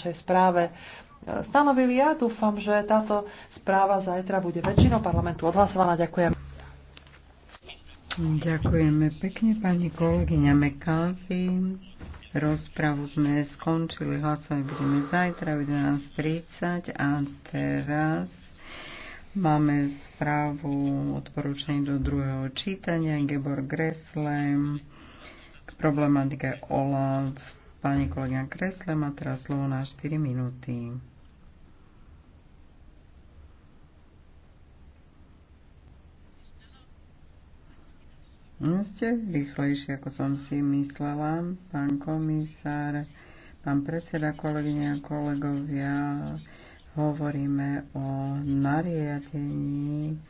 našej správe stanovili. Ja dúfam, že táto správa zajtra bude väčšinou parlamentu odhlasovaná. Ďakujem. Ďakujeme pekne pani kolegyňa Mekáfi. Rozpravu sme skončili, hlasovať budeme zajtra v 11.30 a teraz máme správu odporúčaní do druhého čítania Gebor Greslem k problematike OLAV Pani kolegyňa Kresle má teraz slovo na 4 minúty. Ste rýchlejšie, ako som si myslela, pán komisár, pán predseda, kolegyne a kolegovia. Hovoríme o nariadení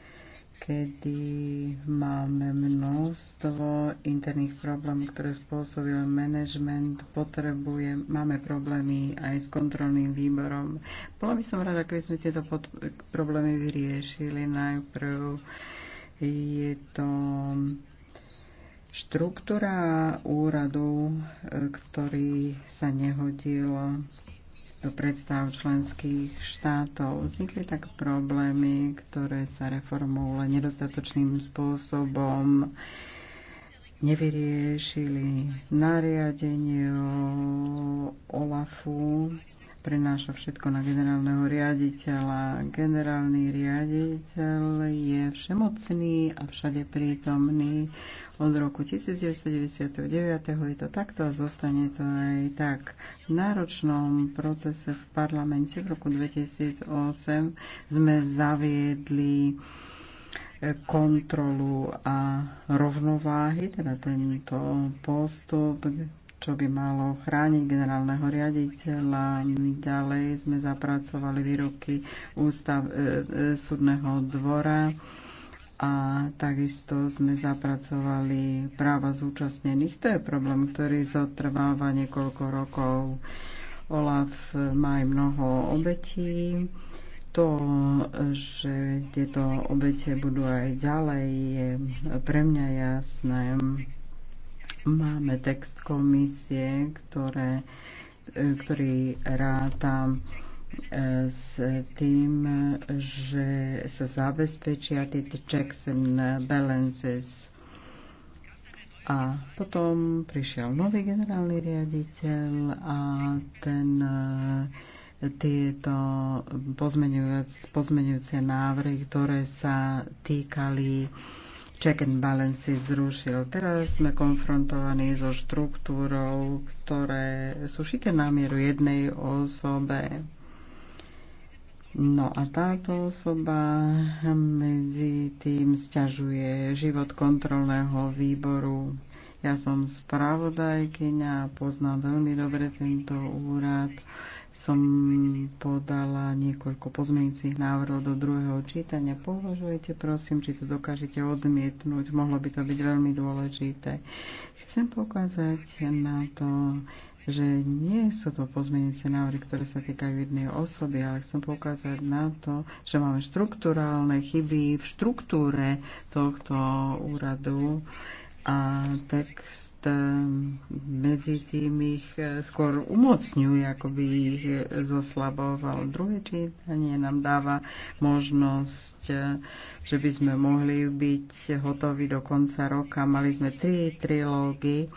kedy máme množstvo interných problémov, ktoré spôsobil management, potrebuje, máme problémy aj s kontrolným výborom. Bola by som rada, keby sme tieto pod, problémy vyriešili najprv. Je to štruktúra úradu, e, ktorý sa nehodil do predstav členských štátov. Vznikli tak problémy, ktoré sa reformou len nedostatočným spôsobom nevyriešili. Nariadenie o OLAFu prenáša všetko na generálneho riaditeľa. Generálny riaditeľ je všemocný a všade prítomný. Od roku 1999 je to takto a zostane to aj tak. V náročnom procese v parlamente v roku 2008 sme zaviedli e, kontrolu a rovnováhy, teda tento postup, čo by malo chrániť generálneho riaditeľa. Ďalej sme zapracovali výroky ústav e, e, súdneho dvora a takisto sme zapracovali práva zúčastnených. To je problém, ktorý zotrváva niekoľko rokov. Olaf má aj mnoho obetí. To, že tieto obete budú aj ďalej, je pre mňa jasné. Máme text komisie, ktoré, e, ktorý ráta e, s tým, že sa zabezpečia tieto checks and balances. A potom prišiel nový generálny riaditeľ a ten e, tieto pozmenujúce, návrhy, ktoré sa týkali check and balance zrušil. Teraz sme konfrontovaní so štruktúrou, ktoré sú šité na mieru jednej osobe. No a táto osoba medzi tým sťažuje život kontrolného výboru. Ja som spravodajkyňa a poznám veľmi dobre tento úrad som podala niekoľko pozmeňujúcich návrhov do druhého čítania. Považujete, prosím, či to dokážete odmietnúť. Mohlo by to byť veľmi dôležité. Chcem pokázať na to, že nie sú to pozmeňujúce návrhy, ktoré sa týkajú jednej osoby, ale chcem poukázať na to, že máme štruktúrálne chyby v štruktúre tohto úradu a text Eh, medzi tým ich eh, skôr umocňuje, ako by ich eh, zoslaboval. Druhé čítanie nám dáva možnosť, že by sme mohli byť hotoví do konca roka. Mali sme tri trilógy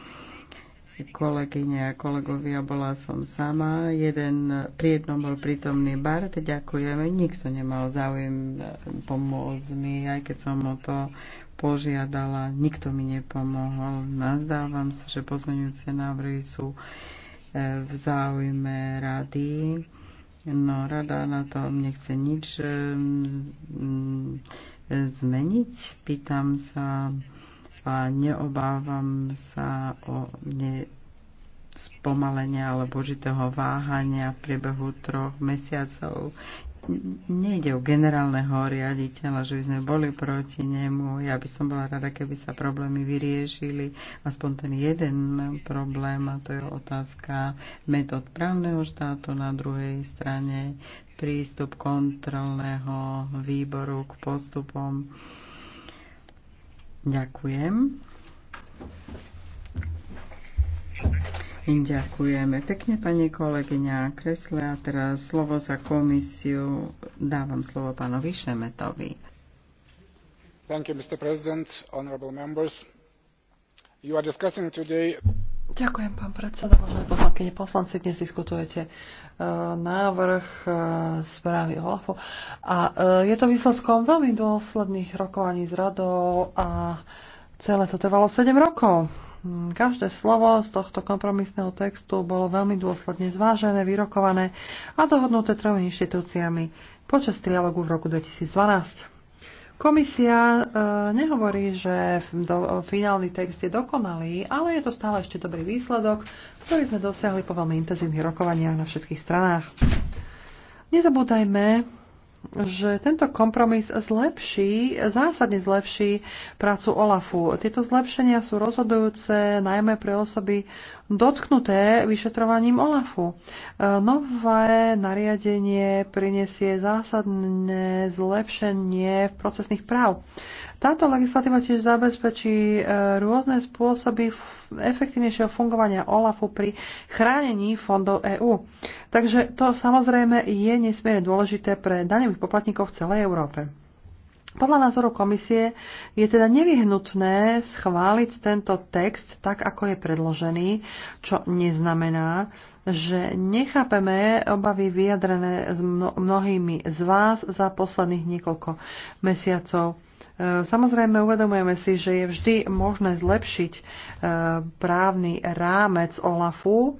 kolegyne a kolegovia, bola som sama. Jeden, pri jednom bol prítomný Bart, ďakujeme. Nikto nemal záujem pomôcť mi, aj keď som o to požiadala, nikto mi nepomohol. Nazdávam sa, že pozmeňujúce návrhy sú e, v záujme rady. No, rada na to nechce nič e, zmeniť. Pýtam sa a neobávam sa o ne spomalenia alebo určitého váhania v priebehu troch mesiacov nejde o generálneho riaditeľa, že by sme boli proti nemu. Ja by som bola rada, keby sa problémy vyriešili. Aspoň ten jeden problém, a to je otázka metód právneho štátu na druhej strane, prístup kontrolného výboru k postupom. Ďakujem. Ďakujeme pekne, pani kolegyňa Kresle. A teraz slovo za komisiu dávam slovo pánovi Šemetovi. Ďakujem, pán predseda, vážené poslankyne, poslanci. Dnes diskutujete e, návrh e, správy OLAFu. A e, je to výsledkom veľmi dôsledných rokovaní s radou a celé to trvalo 7 rokov. Každé slovo z tohto kompromisného textu bolo veľmi dôsledne zvážené, vyrokované a dohodnuté tromi inštitúciami počas trialogu v roku 2012. Komisia e, nehovorí, že do, finálny text je dokonalý, ale je to stále ešte dobrý výsledok, ktorý sme dosiahli po veľmi intenzívnych rokovaniach na všetkých stranách. Nezabúdajme, že tento kompromis zlepší, zásadne zlepší prácu OLAFu. Tieto zlepšenia sú rozhodujúce najmä pre osoby dotknuté vyšetrovaním OLAFu. E, nové nariadenie prinesie zásadné zlepšenie procesných práv. Táto legislatíva tiež zabezpečí e, rôzne spôsoby efektívnejšieho fungovania OLAFu pri chránení fondov EÚ. Takže to samozrejme je nesmierne dôležité pre daňových poplatníkov v celej Európe. Podľa názoru komisie je teda nevyhnutné schváliť tento text tak, ako je predložený, čo neznamená, že nechápeme obavy vyjadrené mnohými z vás za posledných niekoľko mesiacov E, samozrejme, uvedomujeme si, že je vždy možné zlepšiť e, právny rámec OLAFu,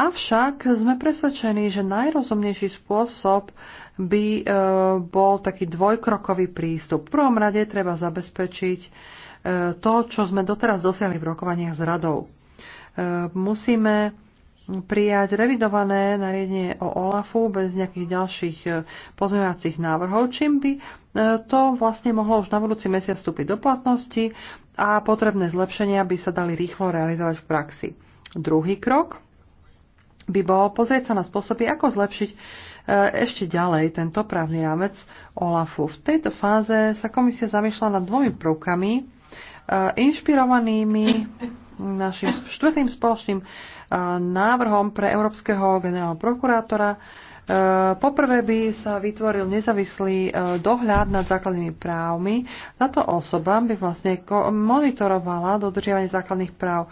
avšak sme presvedčení, že najrozumnejší spôsob by e, bol taký dvojkrokový prístup. V prvom rade treba zabezpečiť to, čo sme doteraz dosiahli v rokovaniach s radou. Musíme prijať revidované nariadenie o OLAFu bez nejakých ďalších e, pozmeňovacích návrhov, čím by e, to vlastne mohlo už na budúci mesiac vstúpiť do platnosti a potrebné zlepšenia by sa dali rýchlo realizovať v praxi. Druhý krok by bol pozrieť sa na spôsoby, ako zlepšiť e, ešte ďalej tento právny rámec OLAFu. V tejto fáze sa komisia zamýšľa nad dvomi prvkami, inšpirovanými našim štvrtým spoločným návrhom pre európskeho generálneho prokurátora. E, poprvé by sa vytvoril nezávislý e, dohľad nad základnými právmi. Táto osoba by vlastne monitorovala dodržiavanie základných práv e,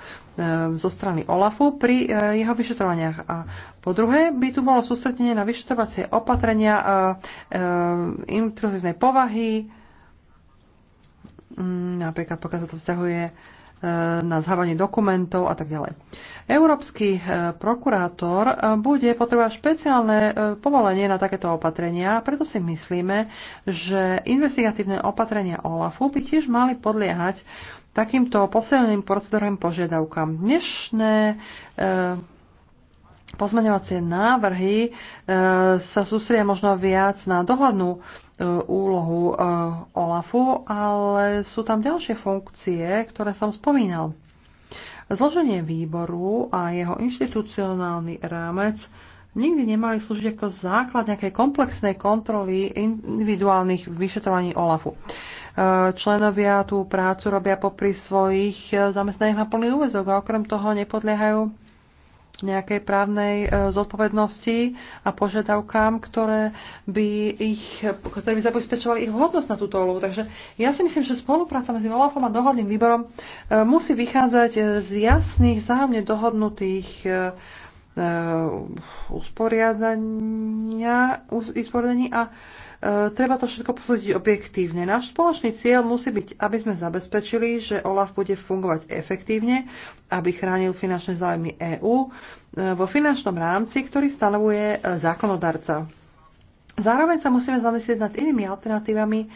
zo strany OLAFu pri jeho vyšetrovaniach. A po druhé by tu bolo sústredenie na vyšetrovacie opatrenia intruzívnej povahy, napríklad pokiaľ sa to vzťahuje Eh, na zhávanie dokumentov a tak ďalej. Európsky eh, prokurátor eh, bude potrebovať špeciálne povolenie na takéto opatrenia, preto si myslíme, že investigatívne opatrenia OLAFu by tiež mali podliehať takýmto posilneným procedúrnym požiadavkám. Dnešné pozmeňovacie návrhy e, sa sústria možno viac na dohľadnú e, úlohu e, OLAFu, ale sú tam ďalšie funkcie, ktoré som spomínal. Zloženie výboru a jeho inštitucionálny rámec nikdy nemali slúžiť ako základ nejakej komplexnej kontroly individuálnych vyšetrovaní OLAFu. Členovia tú prácu robia popri svojich zamestnaných na plný úvezok a okrem toho nepodliehajú nejakej právnej e, zodpovednosti a požiadavkám, ktoré by, ich, ktoré by zabezpečovali ich vhodnosť na túto úlohu. Takže ja si myslím, že spolupráca medzi OLAFom a dohľadným výborom e, musí vychádzať e, z jasných, zájomne dohodnutých usporiadania, usporiadania a E, treba to všetko posúdiť objektívne. Náš spoločný cieľ musí byť, aby sme zabezpečili, že OLAF bude fungovať efektívne, aby chránil finančné záujmy EÚ e, vo finančnom rámci, ktorý stanovuje e, zákonodarca. Zároveň sa musíme zamyslieť nad inými alternatívami eh,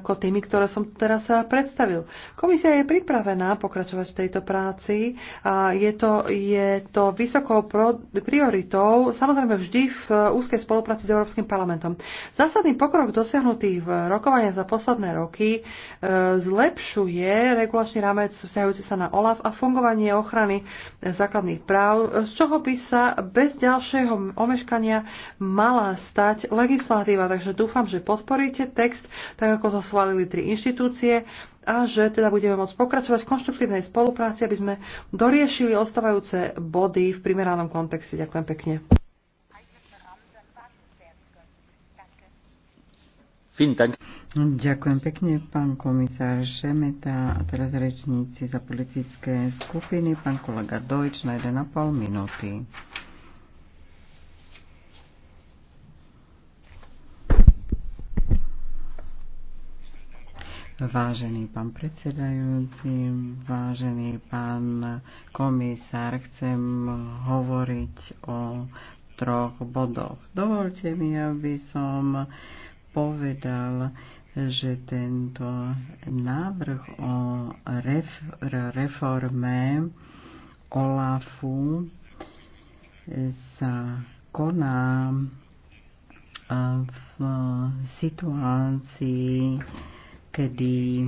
ako tými, ktoré som teraz eh, predstavil. Komisia je pripravená pokračovať v tejto práci. A je, to, je to vysokou prioritou, samozrejme vždy v eh, úzkej spolupráci s Európskym parlamentom. Zásadný pokrok dosiahnutý v rokovania za posledné roky zlepšuje regulačný rámec vzťahujúci sa na OLAF a fungovanie ochrany základných práv, z čoho by sa bez ďalšieho omeškania mala stať legislatíva, takže dúfam, že podporíte text, tak ako to schválili tri inštitúcie a že teda budeme môcť pokračovať v konštruktívnej spolupráci, aby sme doriešili ostávajúce body v primeranom kontexte. Ďakujem pekne. Ďakujem pekne, pán komisár Šemeta. A teraz rečníci za politické skupiny, pán kolega Dojč na 1,5 minúty. Vážený pán predsedajúci, vážený pán komisár, chcem hovoriť o troch bodoch. Dovolte mi, aby som povedal, že tento návrh o reforme OLAFu sa koná v situácii, kedy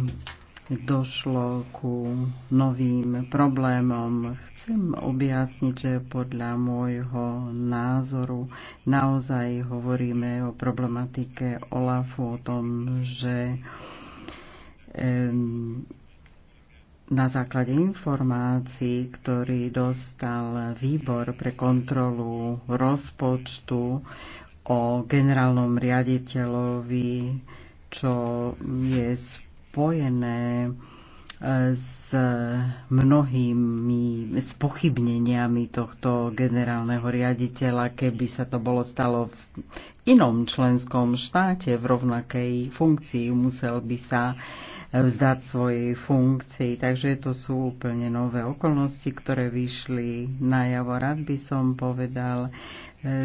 došlo ku novým problémom. Chcem objasniť, že podľa môjho názoru naozaj hovoríme o problematike OLAFu, o tom, že na základe informácií, ktorý dostal výbor pre kontrolu rozpočtu o generálnom riaditeľovi čo je spojené e, s mnohými spochybneniami tohto generálneho riaditeľa, keby sa to bolo stalo v inom členskom štáte v rovnakej funkcii, musel by sa e, vzdať svojej funkcii. Takže to sú úplne nové okolnosti, ktoré vyšli na Javo, Rád by som povedal,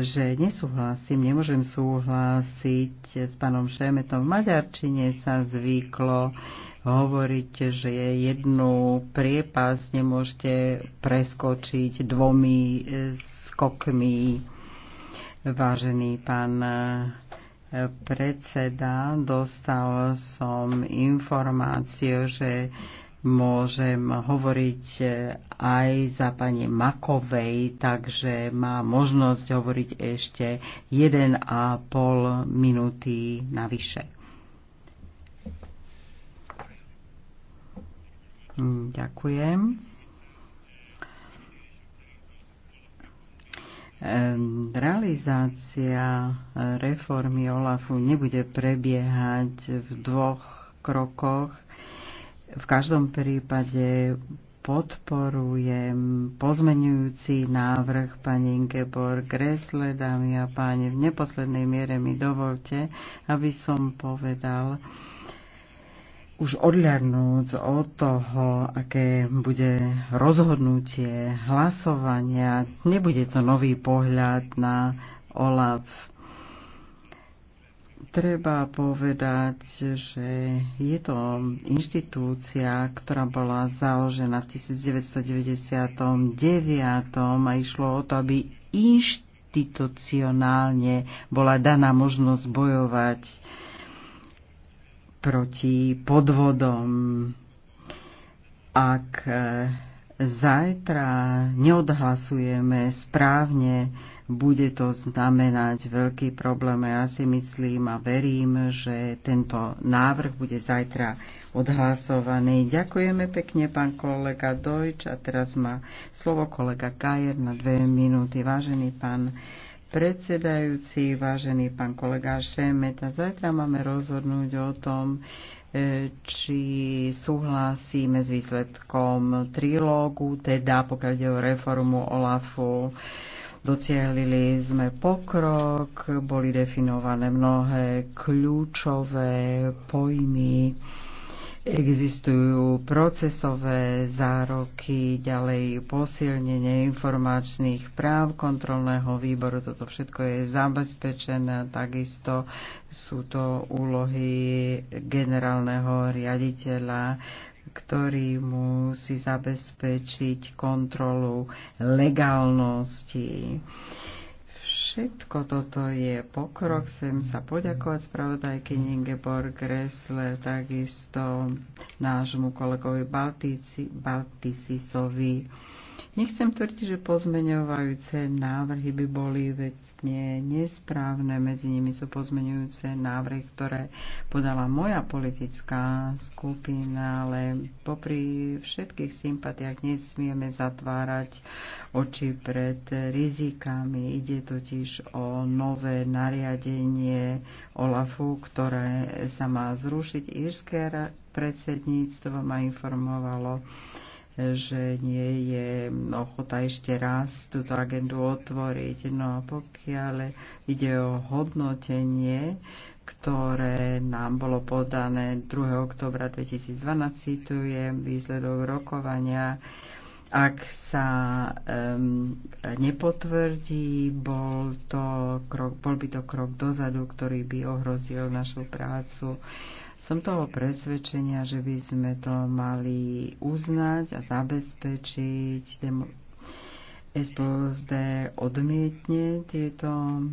že nesúhlasím, nemôžem súhlasiť s pánom Šemetom. V Maďarčine sa zvyklo hovoriť, že jednu priepas nemôžete preskočiť dvomi e, skokmi. Vážený pán e, predseda, dostal som informáciu, že môžem hovoriť e, aj za pani Makovej, takže má možnosť hovoriť ešte 1,5 minúty navyše. Ďakujem. Realizácia e, reformy OLAFu nebude prebiehať v dvoch krokoch, v každom prípade podporujem pozmenujúci návrh pani Ingeborg Gressle, dámy a páni. V neposlednej miere mi dovolte, aby som povedal, už odľadnúc od toho, aké bude rozhodnutie hlasovania, nebude to nový pohľad na OLAF Treba povedať, že je to inštitúcia, ktorá bola založená v 1999 a išlo o to, aby inštitucionálne bola daná možnosť bojovať proti podvodom, ak eh, zajtra neodhlasujeme správne, bude to znamenať veľký problém. Ja si myslím a verím, že tento návrh bude zajtra odhlasovaný. Ďakujeme pekne, pán kolega Dojč. A teraz má slovo kolega Kajer na dve minúty. Vážený pán predsedajúci, vážený pán kolega Šemeta, zajtra máme rozhodnúť o tom, E, či súhlasíme s výsledkom trilógu, teda pokiaľ ide o reformu OLAFu. Docielili sme pokrok, boli definované mnohé kľúčové pojmy Existujú procesové zároky, ďalej posilnenie informačných práv kontrolného výboru. Toto všetko je zabezpečené. Takisto sú to úlohy generálneho riaditeľa ktorý musí zabezpečiť kontrolu legálnosti. Všetko toto je pokrok. Chcem sa poďakovať spravodajky Ingeborg Gresle, takisto nášmu kolegovi Baltici, Baltisisovi. Nechcem tvrdiť, že pozmeňovajúce návrhy by boli absolútne nesprávne. Medzi nimi sú pozmenujúce návrhy, ktoré podala moja politická skupina, ale popri všetkých sympatiách nesmieme zatvárať oči pred rizikami. Ide totiž o nové nariadenie OLAFu, ktoré sa má zrušiť. Írske predsedníctvo ma informovalo, že nie je ochota ešte raz túto agendu otvoriť. No a pokiaľ ide o hodnotenie, ktoré nám bolo podané 2. oktobra 2012, citujem výsledok rokovania, ak sa um, nepotvrdí, bol, to krok, bol by to krok dozadu, ktorý by ohrozil našu prácu. Uh, som toho presvedčenia, že by sme to mali uznať a zabezpečiť. Demo- SPSD odmietne tieto e,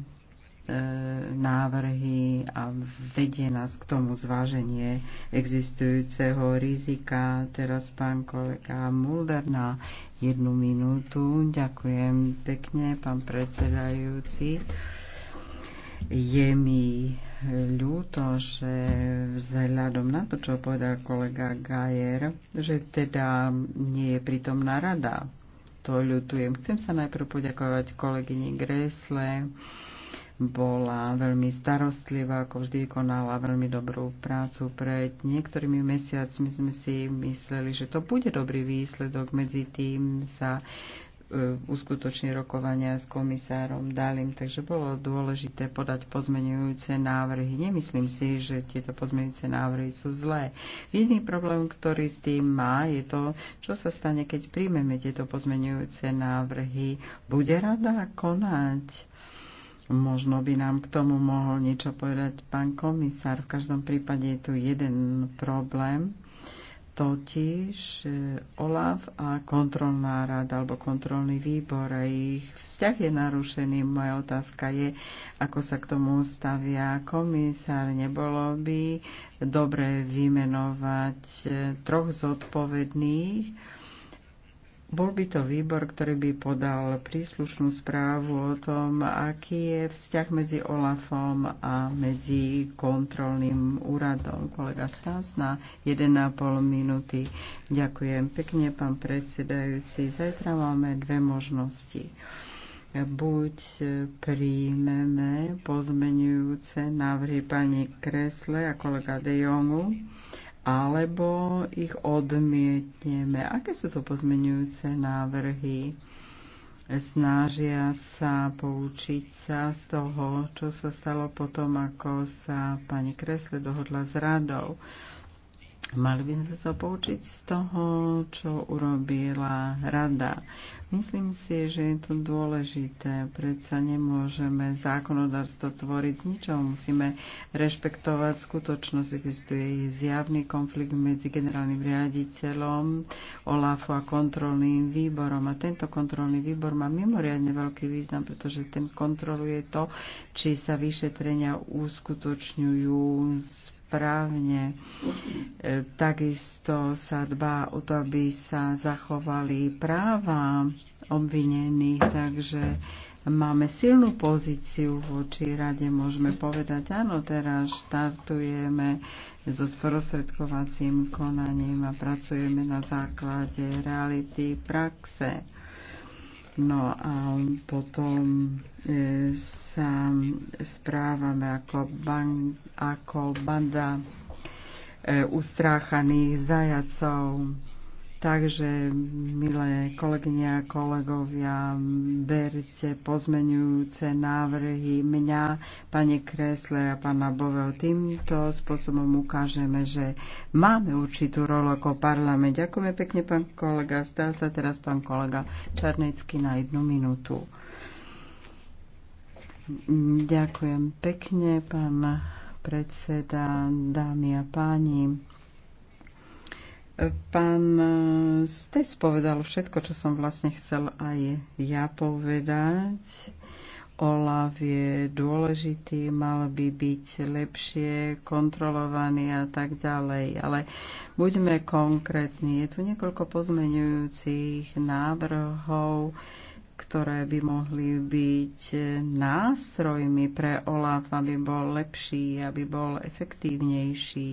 návrhy a vedie nás k tomu zváženie existujúceho rizika. Teraz pán kolega Mulder na jednu minútu. Ďakujem pekne, pán predsedajúci. Je mi ľúto, že vzhľadom na to, čo povedal kolega Gajer, že teda nie je pritomná rada. To ľutujem. Chcem sa najprv poďakovať kolegyni Gresle. Bola veľmi starostlivá, ako vždy konala veľmi dobrú prácu. Pred niektorými mesiacmi sme si mysleli, že to bude dobrý výsledok, medzi tým sa E, uskutoční rokovania s komisárom Dalim, takže bolo dôležité podať pozmenujúce návrhy. Nemyslím si, že tieto pozmenujúce návrhy sú zlé. Jediný problém, ktorý s tým má, je to, čo sa stane, keď príjmeme tieto pozmenujúce návrhy. Bude rada konať? Možno by nám k tomu mohol niečo povedať pán komisár. V každom prípade je tu jeden problém totiž OLAF a kontrolná rada alebo kontrolný výbor a ich vzťah je narušený. Moja otázka je, ako sa k tomu stavia komisár. Nebolo by dobre vymenovať troch zodpovedných bol by to výbor, ktorý by podal príslušnú správu o tom, aký je vzťah medzi OLAFom a medzi kontrolným úradom. Kolega Stás na 1,5 minúty. Ďakujem pekne, pán predsedajúci. Zajtra máme dve možnosti buď príjmeme pozmenujúce návrhy pani Kresle a kolega De Jongu, alebo ich odmietneme. Aké sú to pozmenujúce návrhy? Snažia sa poučiť sa z toho, čo sa stalo potom, ako sa pani Kresle dohodla s radou. Mali by sme sa poučiť z toho, čo urobila rada. Myslím si, že je to dôležité. Predsa nemôžeme zákonodárstvo tvoriť z ničoho. Musíme rešpektovať skutočnosť. Existuje zjavný konflikt medzi generálnym riaditeľom, OLAFu a kontrolným výborom. A tento kontrolný výbor má mimoriadne veľký význam, pretože ten kontroluje to, či sa vyšetrenia uskutočňujú správne. E, takisto sa dbá o to, aby sa zachovali práva obvinených, takže máme silnú pozíciu voči rade. Môžeme povedať, áno, teraz štartujeme so sprostredkovacím konaním a pracujeme na základe reality praxe. No a potom e, sa správame ako, ban- ako banda e, ustráchaných zajacov. Takže, milé kolegyne a kolegovia, berte pozmenujúce návrhy mňa, pani Kresle a pána Boveho. Týmto spôsobom ukážeme, že máme určitú rolu ako parlament. Ďakujeme pekne, pán kolega. Zdá sa teraz pán kolega Čarnecký na jednu minútu. Ďakujem pekne, pán predseda, dámy a páni Pán Stes povedal všetko, čo som vlastne chcel aj ja povedať. OLAV je dôležitý, mal by byť lepšie kontrolovaný a tak ďalej. Ale buďme konkrétni. Je tu niekoľko pozmenujúcich návrhov, ktoré by mohli byť nástrojmi pre Olaf, aby bol lepší, aby bol efektívnejší.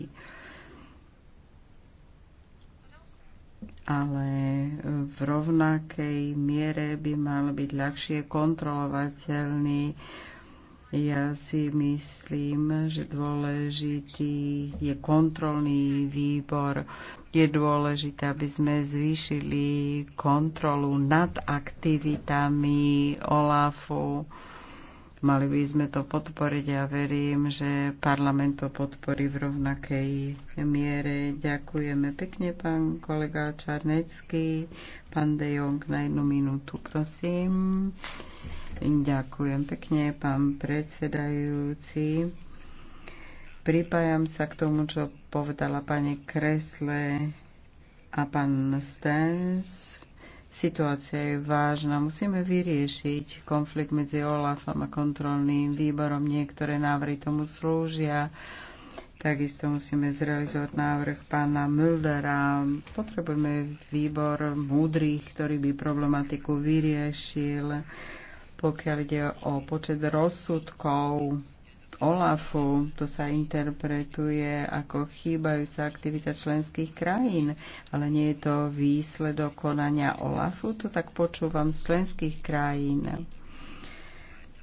ale e, v rovnakej miere by mal byť ľahšie kontrolovateľný. Ja si myslím, že dôležitý je kontrolný výbor. Je dôležité, aby sme zvýšili kontrolu nad aktivitami OLAFu Mali by sme to podporiť a ja verím, že parlament to podporí v rovnakej miere. Ďakujeme pekne, pán kolega Čarnecký. Pán De Jong na jednu minútu, prosím. Ďakujem pekne, pán predsedajúci. Pripájam sa k tomu, čo povedala pani Kresle a pán Stens. Situácia je vážna. Musíme vyriešiť konflikt medzi OLAFom a kontrolným výborom. Niektoré návrhy tomu slúžia. Takisto musíme zrealizovať návrh pána Muldera. Potrebujeme výbor múdrych, ktorý by problematiku vyriešil. Pokiaľ ide o počet rozsudkov, OLAFu. To sa interpretuje ako chýbajúca aktivita členských krajín, ale nie je to výsledok konania OLAFu, to tak počúvam z členských krajín.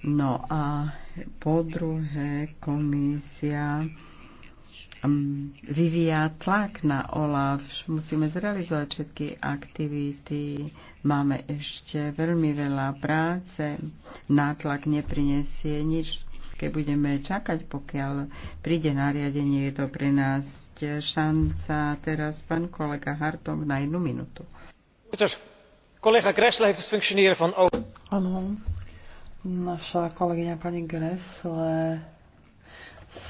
No a po druhé komisia mm, vyvíja tlak na OLAF. Musíme zrealizovať všetky aktivity. Máme ešte veľmi veľa práce. Nátlak neprinesie nič predsedničke budeme čakať, pokiaľ príde nariadenie. Je to pre nás šanca. Teraz pán kolega Hartong na jednu minútu. Kolega Gressle heeft het functioneren van... Áno, naša kolegyňa pani Gressle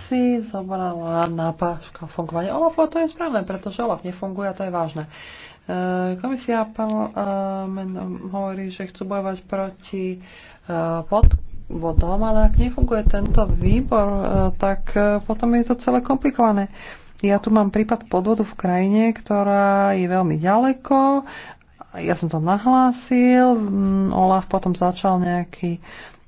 si zobrala na páška fungovanie OLAF, a to je správne, pretože OLAF nefunguje a to je vážne. E, komisia parlament e, hovorí, že chcú bojovať proti e, pod bodom, ale ak nefunguje tento výbor, e, tak e, potom je to celé komplikované. Ja tu mám prípad podvodu v krajine, ktorá je veľmi ďaleko. Ja som to nahlásil, mm, Olaf potom začal nejaký,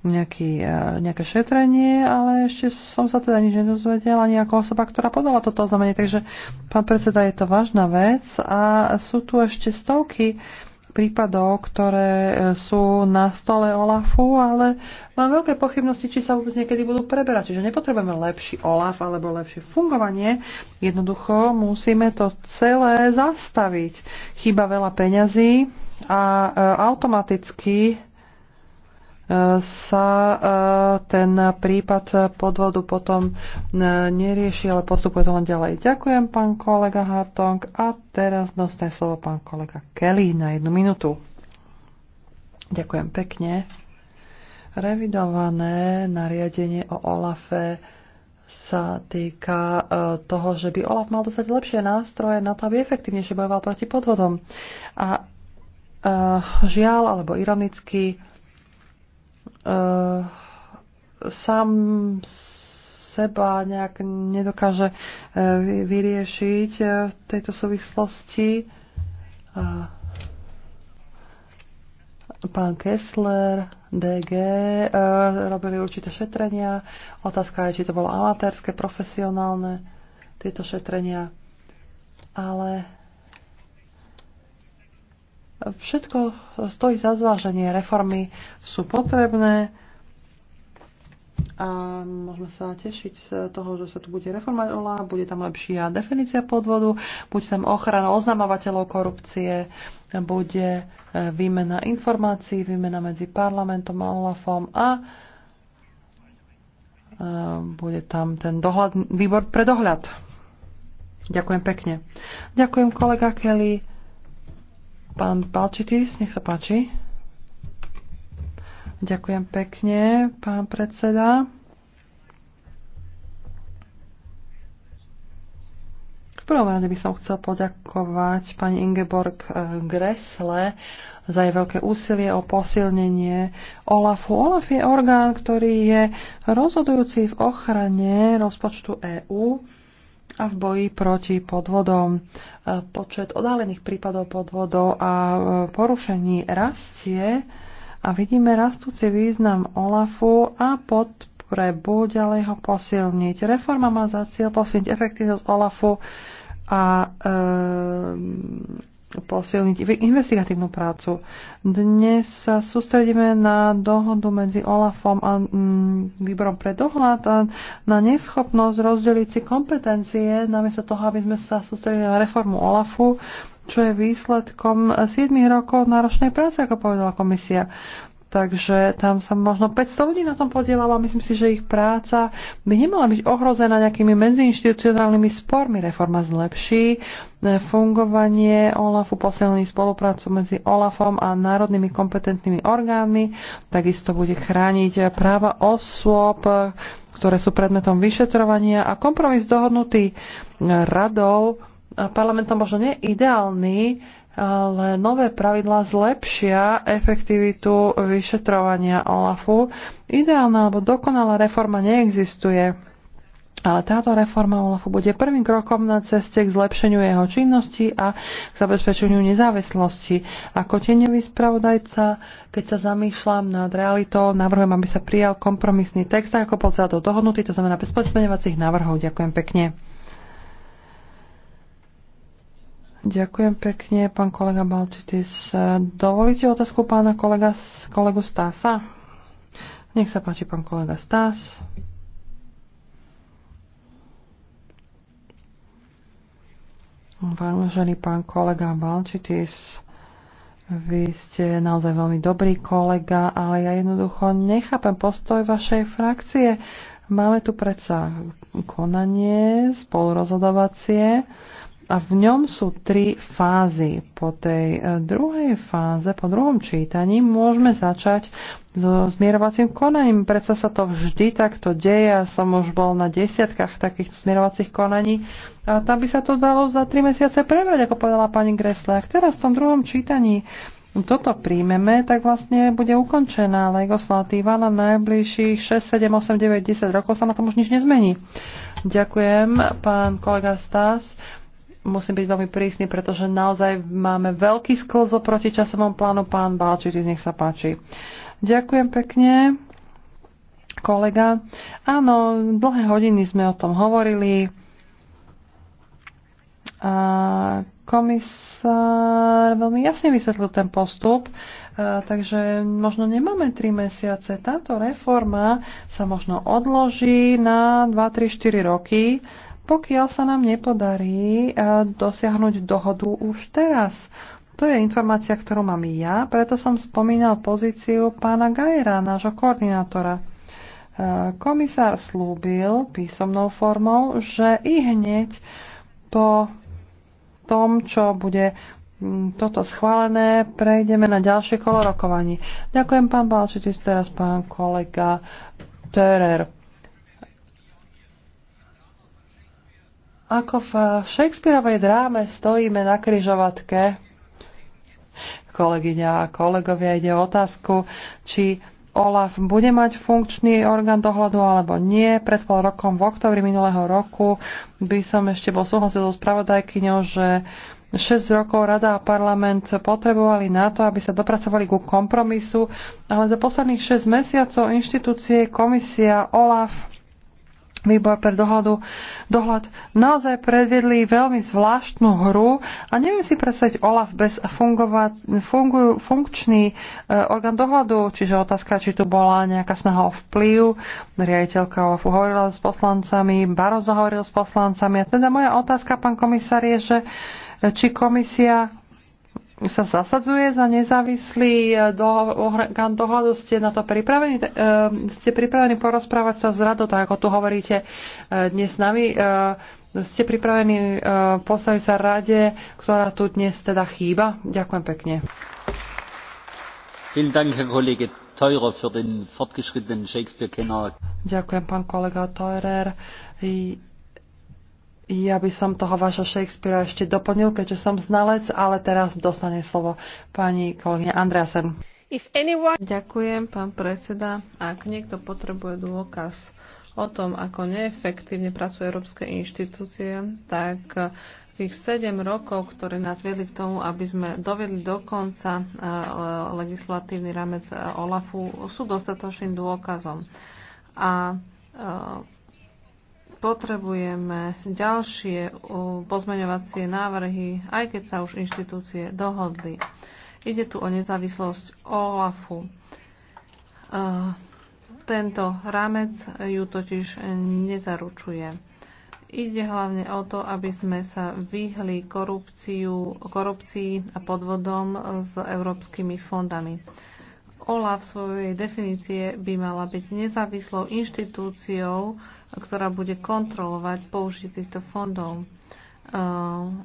nejaký, e, nejaké šetrenie, ale ešte som sa teda nič nedozvedel, ani ako osoba, ktorá podala toto oznámenie. Takže, pán predseda, je to vážna vec a sú tu ešte stovky uh, prípadov, ktoré e, sú na stole OLAFu, ale mám veľké pochybnosti, či sa vôbec niekedy budú preberať. Čiže nepotrebujeme lepší OLAF alebo lepšie fungovanie. Jednoducho musíme to celé zastaviť. Chyba veľa peňazí a e, automaticky sa eh, ten prípad podvodu potom eh, nerieši, ale postupuje to len ďalej. Ďakujem, pán kolega Hartong. A teraz dostane slovo pán kolega Kelly na jednu minútu. Ďakujem pekne. Revidované nariadenie o OLAFe sa týka eh, toho, že by OLAF mal dostať lepšie nástroje na to, aby efektívnejšie bojoval proti podvodom. A žiaľ, alebo ironicky, Eh, sám seba nejak nedokáže eh, vyriešiť eh, v tejto súvislosti. Pán Kessler, DG, robili určité šetrenia. Otázka je, či to bolo amatérske, profesionálne, tieto šetrenia. Ale Všetko stojí za zváženie. Reformy sú potrebné a môžeme sa tešiť z toho, že sa tu bude OLA, bude tam lepšia definícia podvodu, bude tam ochrana oznamovateľov korupcie, bude e, výmena informácií, výmena medzi parlamentom a OLAFom a e, bude tam ten dohľad, výbor pre dohľad. Ďakujem pekne. Ďakujem kolega Kelly. Pán palčitis, nech sa páči. Ďakujem pekne, pán predseda. V prvom rade by som chcel poďakovať pani Ingeborg eh, Gresle za jej veľké úsilie o posilnenie OLAFu. OLAF je orgán, ktorý je rozhodujúci v ochrane rozpočtu EÚ a v boji proti podvodom. E, počet odhalených prípadov podvodov a e, porušení rastie a vidíme rastúci význam OLAFu a potrebu ďalej ho posilniť. Reforma má za cieľ posilniť efektívnosť OLAFu a e, posilniť investigatívnu prácu. Dnes sa sústredíme na dohodu medzi OLAFom a mm, výborom pre dohľad a na neschopnosť rozdeliť si kompetencie, namiesto toho, aby sme sa sústredili na reformu OLAFu, čo je výsledkom 7 rokov náročnej práce, ako povedala komisia takže tam sa možno 500 ľudí na tom podielalo a myslím si, že ich práca by nemala byť ohrozená nejakými medziinstitucionálnymi spormi. Reforma zlepší e, fungovanie OLAFu, posilní spoluprácu medzi OLAFom a národnými kompetentnými orgánmi, takisto bude chrániť práva osôb, ktoré sú predmetom vyšetrovania a kompromis dohodnutý radou parlamentom možno nie ideálny, ale nové pravidlá zlepšia efektivitu vyšetrovania OLAFu. Ideálna alebo dokonalá reforma neexistuje, ale táto reforma OLAFu bude prvým krokom na ceste k zlepšeniu jeho činnosti a k zabezpečeniu nezávislosti. Ako tieňový spravodajca, keď sa zamýšľam nad realitou, navrhujem, aby sa prijal kompromisný text, ako bol za to dohodnutý, to znamená bez podmenovacích návrhov. Ďakujem pekne. Ďakujem pekne, pán kolega Balčitis. Dovolíte otázku pána kolega, kolegu Stasa? Nech sa páči, pán kolega Stas. Vážený pán kolega Balčitis, vy ste naozaj veľmi dobrý kolega, ale ja jednoducho nechápem postoj vašej frakcie. Máme tu predsa konanie spolurozhodovacie a v ňom sú tri fázy. Po tej e, druhej fáze, po druhom čítaní, môžeme začať so zmierovacím konaním. Predsa sa to vždy takto deje. Ja som už bol na desiatkách takých zmierovacích konaní. A tam by sa to dalo za tri mesiace prebrať, ako povedala pani Gresle. Ak teraz v tom druhom čítaní toto príjmeme, tak vlastne bude ukončená legislatíva na najbližších 6, 7, 8, 9, 10 rokov. Sa na tom už nič nezmení. Ďakujem, pán kolega Stas musím byť veľmi prísny, pretože naozaj máme veľký sklz oproti časovom plánu. Pán z nech sa páči. Ďakujem pekne, kolega. Áno, dlhé hodiny sme o tom hovorili. A komisár veľmi jasne vysvetlil ten postup, e, takže možno nemáme 3 mesiace. Táto reforma sa možno odloží na 2, 3, 4 roky pokiaľ sa nám nepodarí e, dosiahnuť dohodu už teraz. To je informácia, ktorú mám ja, preto som spomínal pozíciu pána Gajera, nášho koordinátora. E, komisár slúbil písomnou formou, že i hneď po tom, čo bude toto schválené, prejdeme na ďalšie kolo rokovaní. Ďakujem pán Balčič, teraz pán kolega Törer. Ako v Shakespeareovej dráme stojíme na kryžovatke, kolegyňa a kolegovia, ide o otázku, či OLAF bude mať funkčný orgán dohľadu alebo nie. Pred pol rokom v oktobri minulého roku by som ešte bol súhlasil so spravodajkyňou, že 6 rokov Rada a parlament potrebovali na to, aby sa dopracovali ku kompromisu, ale za posledných 6 mesiacov inštitúcie, komisia, OLAF výbor pre dohľadu, dohľad naozaj predviedli veľmi zvláštnu hru a neviem si predstaviť OLAF bez fungovať, fungujú, funkčný e, orgán dohľadu, čiže otázka, či tu bola nejaká snaha o vplyv, riaditeľka OLAF hovorila s poslancami, Baro zahovoril s poslancami a teda moja otázka, pán komisár, je, že e, či komisia sa zasadzuje za nezávislý e, do, dohľadu. Ste na to pripravení? E, ste pripravení porozprávať sa s radou, tak ako tu hovoríte e, dnes s nami? E, ste pripravení e, postaviť sa rade, ktorá tu dnes teda chýba? Ďakujem pekne. Ďakujem, pán kolega Teurer. Ja by som toho vášho Shakespearea ešte doplnil, keďže som znalec, ale teraz dostane slovo pani kolegyňa Andreasen. Anyone... Ďakujem, pán predseda. Ak niekto potrebuje dôkaz o tom, ako neefektívne pracujú európske inštitúcie, tak tých 7 rokov, ktoré nás viedli k tomu, aby sme dovedli do konca e, legislatívny ramec e, OLAFu, sú dostatočným dôkazom. A e, potrebujeme ďalšie pozmeňovacie návrhy, aj keď sa už inštitúcie dohodli. Ide tu o nezávislosť OLAFu. E, tento rámec ju totiž nezaručuje. Ide hlavne o to, aby sme sa vyhli korupciu, korupcii a podvodom s európskymi fondami. OLAF svojej definície by mala byť nezávislou inštitúciou, ktorá bude kontrolovať použitie týchto fondov. Eh,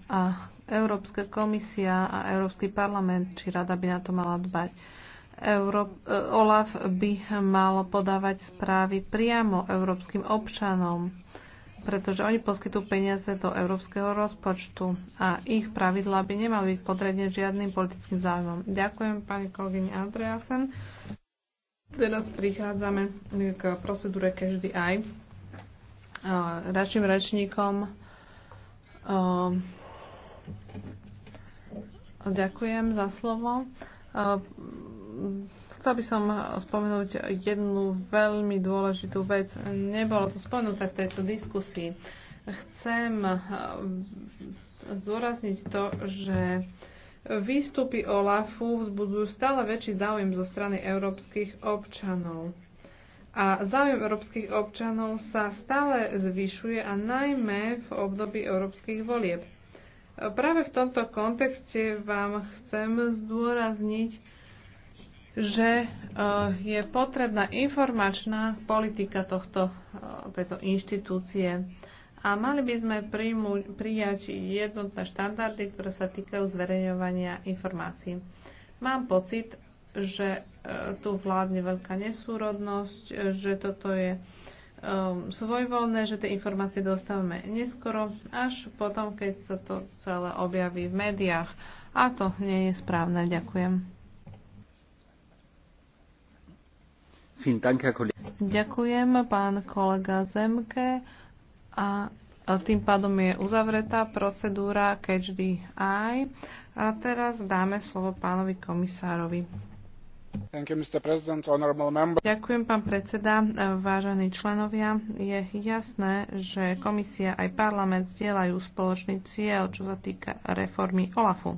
a Európska komisia a Európsky parlament či rada by na to mala dbať. Euró- eh, OLAF by mal podávať správy priamo európskym občanom pretože oni poskytujú peniaze do európskeho rozpočtu a ich pravidlá by nemali byť podredne žiadnym politickým záujmom. Ďakujem pani kolegyni Andreasen. Teraz prichádzame k procedúre každý aj. Radším rečníkom ďakujem za slovo. Chcel by som spomenúť jednu veľmi dôležitú vec. Nebolo to spomenuté v tejto diskusii. Chcem eh, zdôrazniť to, že výstupy OLAFu vzbudzujú stále väčší záujem zo strany európskych občanov. A záujem európskych občanov sa stále zvyšuje a najmä v období európskych volieb. Práve v tomto kontexte vám chcem zdôrazniť že e, je potrebná informačná politika tohto, e, tejto inštitúcie a mali by sme príjmu, prijať jednotné štandardy, ktoré sa týkajú zverejňovania informácií. Mám pocit, že e, tu vládne veľká nesúrodnosť, že toto je ehm, svojvoľné, že tie informácie dostávame neskoro, až potom, keď sa to celé objaví v médiách. A to nie je správne. Ďakujem. Ďakujem, pán kolega Zemke. A tým pádom je uzavretá procedúra každý A teraz dáme slovo pánovi komisárovi. You, Ďakujem, pán predseda, vážení členovia. Je jasné, že komisia aj parlament zdieľajú spoločný cieľ, čo sa týka reformy OLAFu.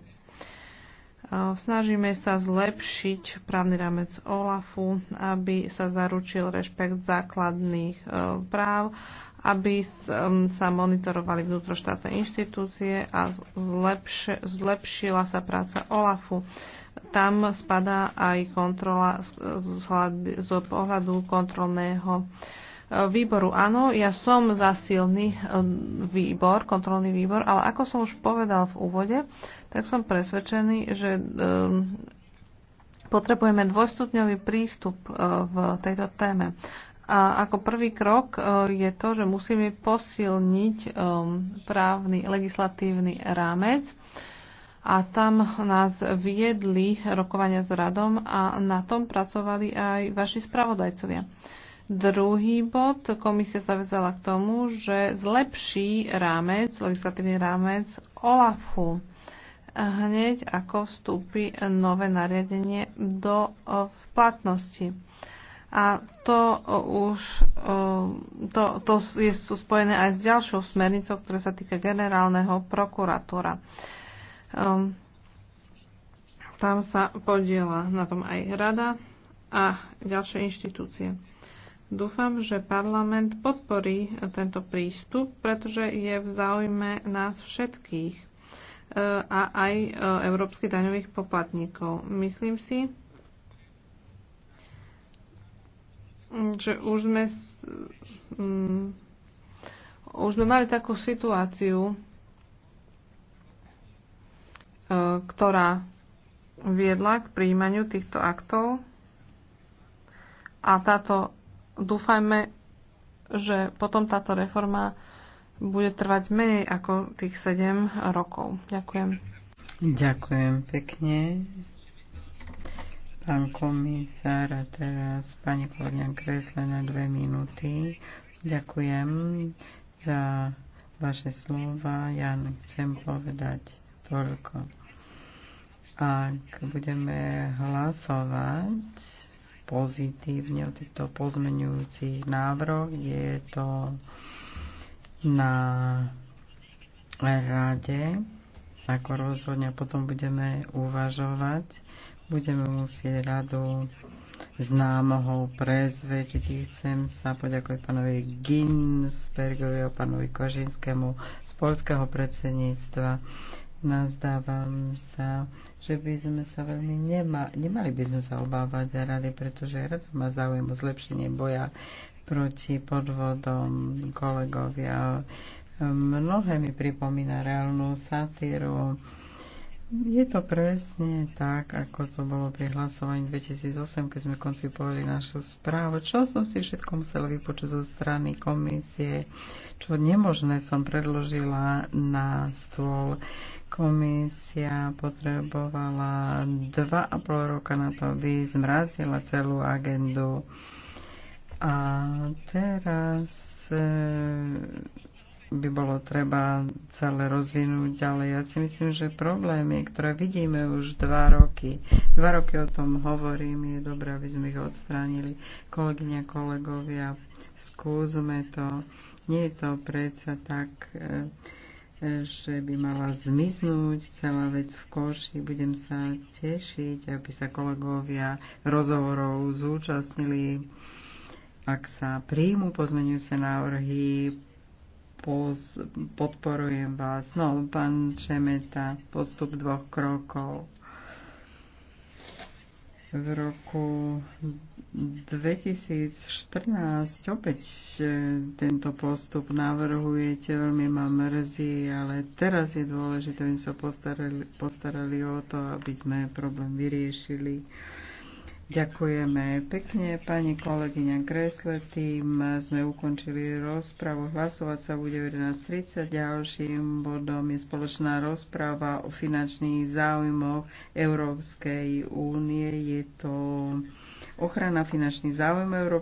Snažíme sa zlepšiť právny rámec OLAFu, aby sa zaručil rešpekt základných e, práv, aby sa monitorovali vnútroštátne inštitúcie a zlepš- zlepšila sa práca OLAFu. Tam spadá aj kontrola z, z, z, pohľadu kontrolného uh, výboru. Áno, ja som za silný eh, výbor, kontrolný výbor, ale ako som už povedal v úvode, tak som presvedčený, že eh, potrebujeme dvojstupňový prístup eh, v tejto téme. A ako prvý krok je to, že musíme posilniť právny legislatívny rámec a tam nás viedli rokovania s radom a na tom pracovali aj vaši spravodajcovia. Druhý bod, komisia sa vezala k tomu, že zlepší rámec, legislatívny rámec OLAFu hneď ako vstúpi nové nariadenie do v platnosti. A to už to, to je, spojené aj s ďalšou smernicou, ktorá sa týka generálneho prokuratúra. Ehm, tam sa podiela na tom aj rada a ďalšie inštitúcie. Dúfam, že parlament podporí tento prístup, pretože je v záujme nás všetkých e, a aj e, európskych daňových poplatníkov. Myslím si, že už sme, um, už sme mali takú situáciu, e, ktorá viedla k príjmaniu týchto aktov a táto dúfajme, že potom táto reforma bude trvať menej ako tých 7 rokov. Ďakujem. Ďakujem pekne. Pán komisár a teraz pani Kornia Kresle na dve minúty. Ďakujem za vaše slova. Ja chcem povedať toľko. Ak budeme hlasovať, pozitívne o týchto pozmenujúcich návrhoch. Je to na rade, ako rozhodne potom budeme uvažovať. Budeme musieť radu známoho prezvedčiť. Chcem sa poďakovať pánovi Ginsbergovi a pánovi Kožinskému z polského predsedníctva. Nazdávam sa, že by sme sa veľmi nema, nemali by sme sa obávať za rady, pretože rada má záujem o zlepšenie boja proti podvodom kolegovia. Mnohé mi pripomína reálnu satíru. Je to presne tak, ako to bolo pri hlasovaní 2008, keď sme koncipovali našu správu. Čo som si všetko musela vypočuť zo strany komisie, čo nemožné som predložila na stôl Komisia potrebovala dva a pol roka na to, aby zmrazila celú agendu. A teraz eh, by bolo treba celé rozvinúť ďalej. Ja si myslím, že problémy, ktoré vidíme už dva roky, dva roky o tom hovorím, je dobré, aby sme ich odstránili. Kolegyňa, kolegovia, skúsme to. Nie je to predsa tak eh, že by mala zmiznúť celá vec v koši. Budem sa tešiť, aby sa kolegovia rozhovorov zúčastnili. Ak sa príjmu pozmenujúce návrhy, poz, podporujem vás. No, pán Čemeta, postup dvoch krokov v roku 2014 opäť e, tento postup navrhujete, veľmi ma mrzí, ale teraz je dôležité, aby sme sa postarali, postarali o to, aby sme problém vyriešili. Ďakujeme pekne, pani kolegyňa Kresle. Tým sme ukončili rozpravu. Hlasovať sa bude 11.30. Ďalším bodom je spoločná rozprava o finančných záujmoch Európskej únie. Je to ochrana finančných záujmov Európskej